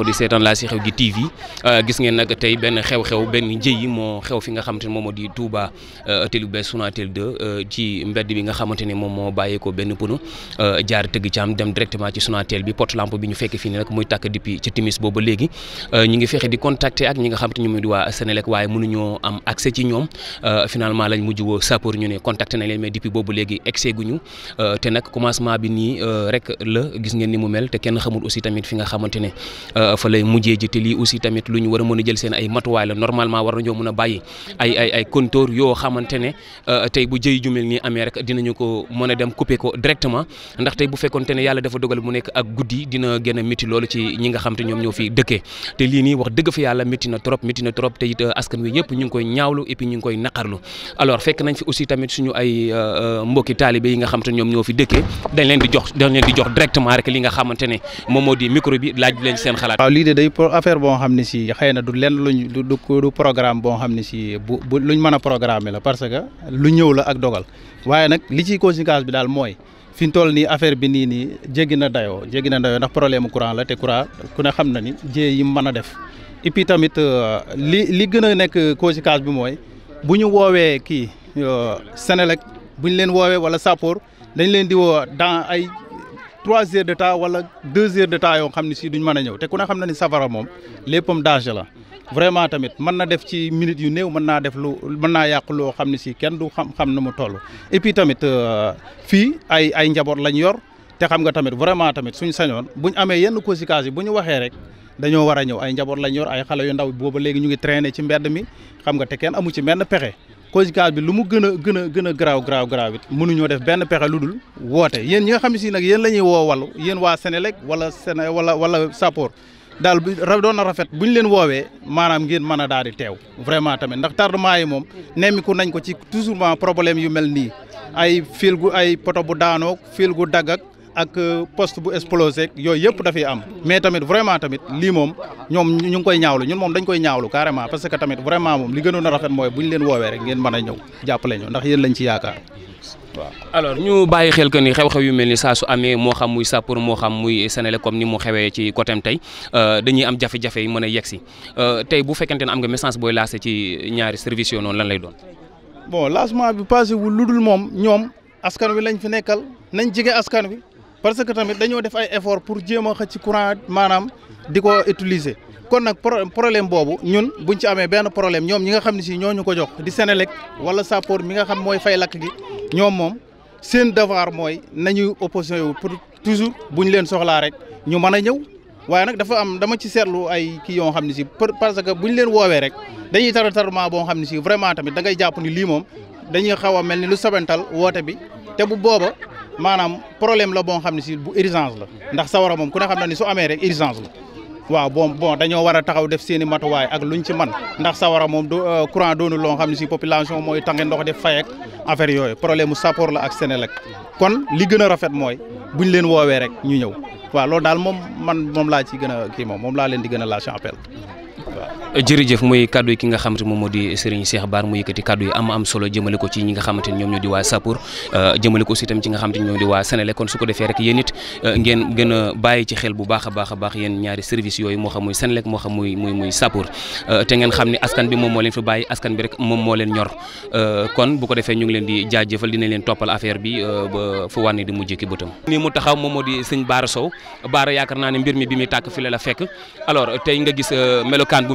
baaxoo di seetaan laa si xew gi TV euh, gis ngeen nag tey benn xew-xew benn jëyi moo xew fi nga xamante ne moom moo di Touba euh, hôtel bu bees Sonatel 2 euh, bi nga xamante ne moom moo bàyyeekoo benn pono jaar tëgg caam dem directement ci Sonatel bi porte lampe bi ñu fekk fii nii nag muy tàkk depuis ci timis boobu ba léegi ñu ngi fexe di contacter ak ñi nga xamante ñoom di waa Sénélec waaye mënuñoo am accès ci ñoom finalement lañ mujj woo sapeur ñu ne contacté nañ leen mais depuis boobu léegi excès guñu te nag commencement bi nii rek la gis ngeen ni mu mel te kenn xamul aussi tamit fi nga xamante ne fa lay mujjee ji te lii aussi tamit lu ñu war a mën a jël seen ay matuwaay la normalement war nañoo mën a bàyyi ay ay contour yoo xamante euh, tey bu jëy ju nii amee rek dinañu ko mën a dem couper ko directement ndax tey bu a euh, fekk nañ fi aussi tamit suñu ay euh, mbokki taalibe yi nga xam moom moo di micro bi laaj leen seen xalaat waaw lii de day affaire boo xam ne si xëy na du lenn luñ du du programme boo xam ne si bu bu luñ mën a la parce que lu ñëw la ak dogal waaye nag li ci conséquence bi daal mooy fi ñu toll nii affaire bi nii nii jéggi na dayoo jéggi na dayoo ndax problème courant la te courant ku ne xam na ni jée yi mën a def et tamit euh, li li gën a nekk conséquence bi mooy bu ñu woowee kii euh, Senelec buñ leen woowe wala Sapor dañ leen di woo ay. trois heures de temps wala deux heures de temps yoo xam ne si duñ mën a ñëw te ku ne xam na ni safara moom léppam danger la vraiment tamit mën na def ci minutes yu néew mën naa def lu mën naa yàq loo xam ne si kenn du xam-xam na mu toll et puis tamit euh, fii ay ay njaboot lañ yor te xam nga tamit vraiment tamit suñ sañoon buñ amee yenn conséquences yi bu ñu waxee rek dañoo war a ñëw ay njaboot lañ yor ay xale yu ndaw booba léegi ñu ngi traîner ci mbedd mi xam nga te kenn amu ci benn pexe conjugage bi lu mu gën a gën a gën a garaaw garaaw mënuñoo def benn pexe lu dul woote yéen ñi nga xam si nag yéen la ñuy woo wàllu yéen waa Senelec wala Sene wala wala Sapor daal bi doon na rafet bu ñu leen woowee maanaam ngeen mën a daal di teew vraiment tamit ndax tardement yi moom nemmiku nañ ko ci toujours problème yu mel nii ay fil gu ay poto bu daanoog fil gu dagg ak euh, poste bu explosé yooyu yëpp dafay am mais tamit vraiment tamit lii moom ñoom ñu ngi koy ñaawlu ñun moom dañ koy ñaawlu carrément parce que tamit vraiment moom li gënoon a rafet mooy bu ñu leen woowee ngeen mën a ñëw jàppale ñu ndax ci yaakaar waaw ñu bàyyi xel que ni xew-xew yu mel ni saa amee moo xam muy sapeur moo xam muy Senelec comme ni mu xewee ci côté tey euh, dañuy am jafe-jafe yi mën a yegsi euh, tey bu fekkente ne am nga message booy lancé ci ñaari parce que tamit dañoo def ay effort pour jéem a xëcc courant maanaam di ko utiliser kon nag problème boobu ñun buñ ci amee benn problème ñoom ñi nga xam ne si ñoo ñu ko jox di Senelec wala Sapor mi nga xam mooy fay lakk gi ñoom moom seen devoir mooy nañu opposition wu pour toujours buñ leen soxlaa rek ñu mën a ñëw waaye nag dafa am dama ci seetlu ay kii yoo xam ne si parce que buñ leen woowee rek dañuy tar tarma boo xam ne si vraiment tamit da ngay jàpp ni lii moom dañuy xaw a mel ni lu sobental woote bi te bu booba maanaam problème la boo xam ne si bu urgence la ndax sawara moom ku ne xam na ni su amee rek urgence la waaw bon bon dañoo war a taxaw def seen i matuwaay ak lu ñu ci man ndax sawara moom du euh, courant doonu loo xam ne si population mooy tange ndox def fay ak affaire yooyu problème mu Sapor la ak Senelec kon li gën a rafet mooy buñ leen woowee rek ñu ñëw waaw loolu daal moom man moom laa ci gën a kii moom moom laa leen di gën a lâché appel jërëjëf muy kaddu kadui ki nga xamante moom moo di Serigne Cheikh kadui mu yi am am solo jëmale ko ci ñi nga xamante ni ñoom ñoo di waa Sapour euh, jëmale ko aussi itam ci nga xamante ni ñoom di waa Sénélec kon su ko defee rek yéen euh, ngeen ci xel bu baax a baax a ñaari service yooyu moo xam muy Sénélec moo xam muy muy muy Sapour euh, te ngeen xam askan bi moom moo leen fi askan bi rek moom leen ñor kon bu ko defee ñu ngi leen di jaajëfal dinañ leen toppal affaire bi ba fu di mujjee ki bëtam nii mu taxaw moom moo di Serigne Bara Sow Bara yaakaar naa ne mbir mi bi muy tàkk fi la la fekk alors tey nga gis bu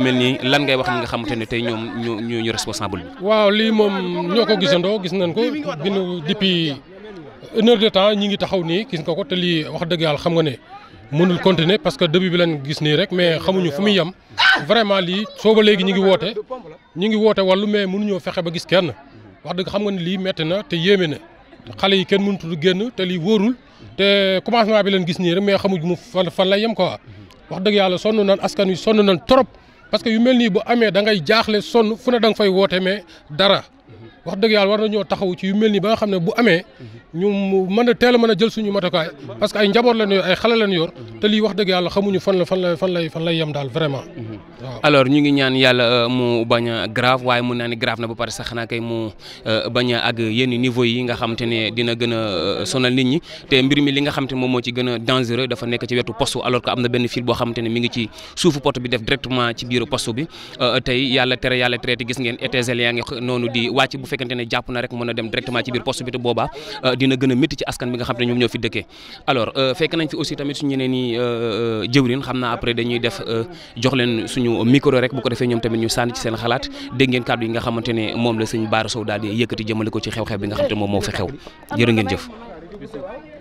lan ngay wax ñi nga xamante ne tey ñoom ñu ñu responsable bi. waaw lii moom ñoo ko gisandoo gis nañ ko bi nu depuis une heure de temps ñi ngi taxaw nii gis nga ko te lii wax dëgg yàlla xam nga ne mënul continuer parce que début bi lañ gis nii rek mais xamuñu fu mu yem vraiment lii sooba léegi ñi ngi woote ñi ngi woote wàllu mais mënuñoo fexe ba gis kenn wax dëgg xam nga ne lii metti na te yéeme na xale yi kenn mënutul génn te lii wóorul te commencement bi leen gis nii rek mais xamuñ mu fan fan lay yem quoi wax dëgg yàlla sonn nañ wi sonn nañ trop. parce que yu mel nii bu amee da ngay jaaxle sonn fu ne da nga fay woote mais dara wax dëgg yàlla war na ñoo taxawu ci yu mel nii ba nga xam ne bu amee ñu mën a teel a jël suñu matukaay parce que ay njaboot lañ ay xale lañ te lii wax dëgg yàlla xamuñu fan la fan la fan lay fan lay yem daal vraiment waaw alors ñu ngi ñaan yàlla euh, mu bañ grave waaye mun naa ne grave na ba pare sax na kay mu euh, bañ a yenn niveau yi nga xam te ne dina gën a euh, sonal nit ñi te mbir mi li nga xam te ne moom moo ci gën a dangereux dafa nekk ci wetu poste alors que am na ne mi ngi ci suufu porte bi def directement wàcc bu fekkente ne jàpp na rek mën a dem directement ci biir poste bi te boobaa euh, dina gën a métti ci askan bi nga xam ne ñoom ñoo fi dëkkee alors euh, fekk nañ fi aussi tamit suñu ñeneen ñi euh, jëwrin xam naa après dañuy def jox leen suñu micro rek bu ko defee ñoom tamit ñu sànni ci seen xalaat dégg ngeen yi nga xamante ne moom la sëñ baar Sow daal di yëkkati jëmale ko ci xew-xew bi nga xam ne moom moo fi xew jërë ngeen jëf